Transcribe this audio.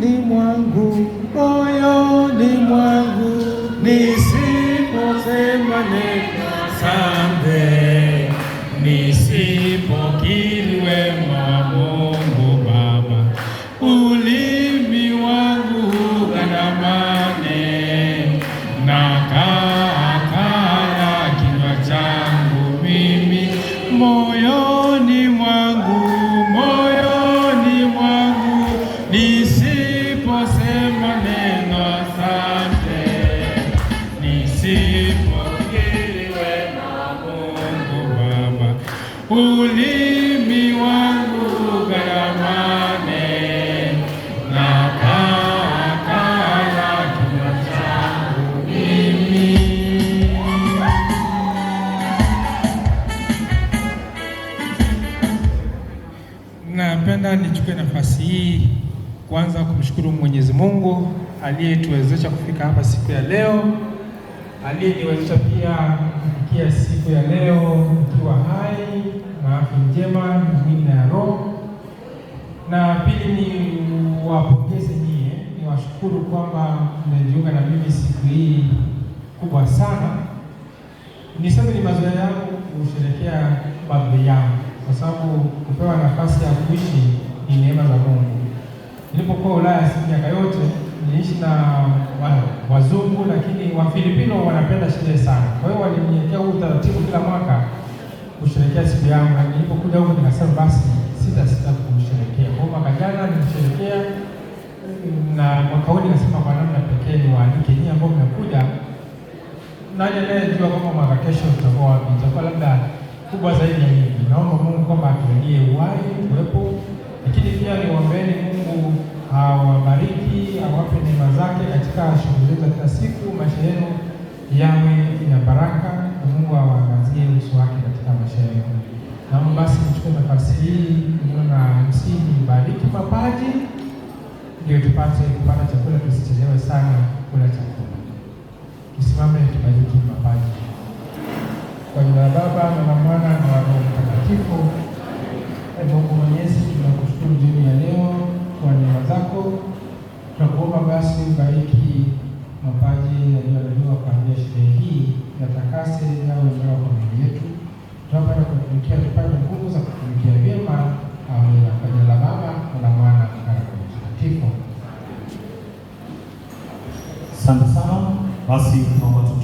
ni mwangu, moyoni mwangu, nisiposema neno asante ulimi wangu ugaramane na kaakala kinywa changu mimi. Napenda nichukue nafasi hii kwanza kumshukuru Mwenyezi Mungu aliyetuwezesha kufika hapa siku ya leo, aliyeniwezesha pia kufikia siku ya leo nikiwa hai mimi niwapongeze nyie, niwashukuru kwamba mmejiunga na mimi siku hii kubwa sana. Niseme ni mazoea yangu kusherekea birthday yangu, kwa sababu kupewa nafasi ya kuishi ni neema za Mungu. Nilipokuwa Ulaya miaka yote niishi na wazungu, lakini Wafilipino wanapenda sherehe sana, kwa hiyo waliniwekea huu utaratibu kila mwaka kusherekea siku yangu, na nilipokuja huko nikasema basi Paulo anasema kwa namna pekee ni waandike nyinyi ambao mmekuja, naje anayejua kwamba mwaka kesho tutakuwa wapi, tutakuwa labda kubwa zaidi ya hivi. Naomba Mungu kwamba atujalie uhai uwepo, lakini pia niwaombeni Mungu awabariki, awape neema zake katika shughuli zetu za kila siku. Maisha yenu yawe ya baraka, na Mungu awaangazie uso wake katika maisha yenu. Naomba basi mchukue nafasi hii na msingi tupate kupata chakula, tusichelewe sana kula chakula. Tusimame tubariki mapaji. Kwa jina la Baba na la Mwana na la Roho Mtakatifu. E Mungu Mwenyezi, tunakushukuru jioni ya leo kwa neema zako, tunakuomba basi bariki mapaji yaliyoandaliwa kwa ajili ya sherehe hii, yatakase nawe kwa mili yetu tunapata kutumikia tupate nguvu za సంస్థానం వాసి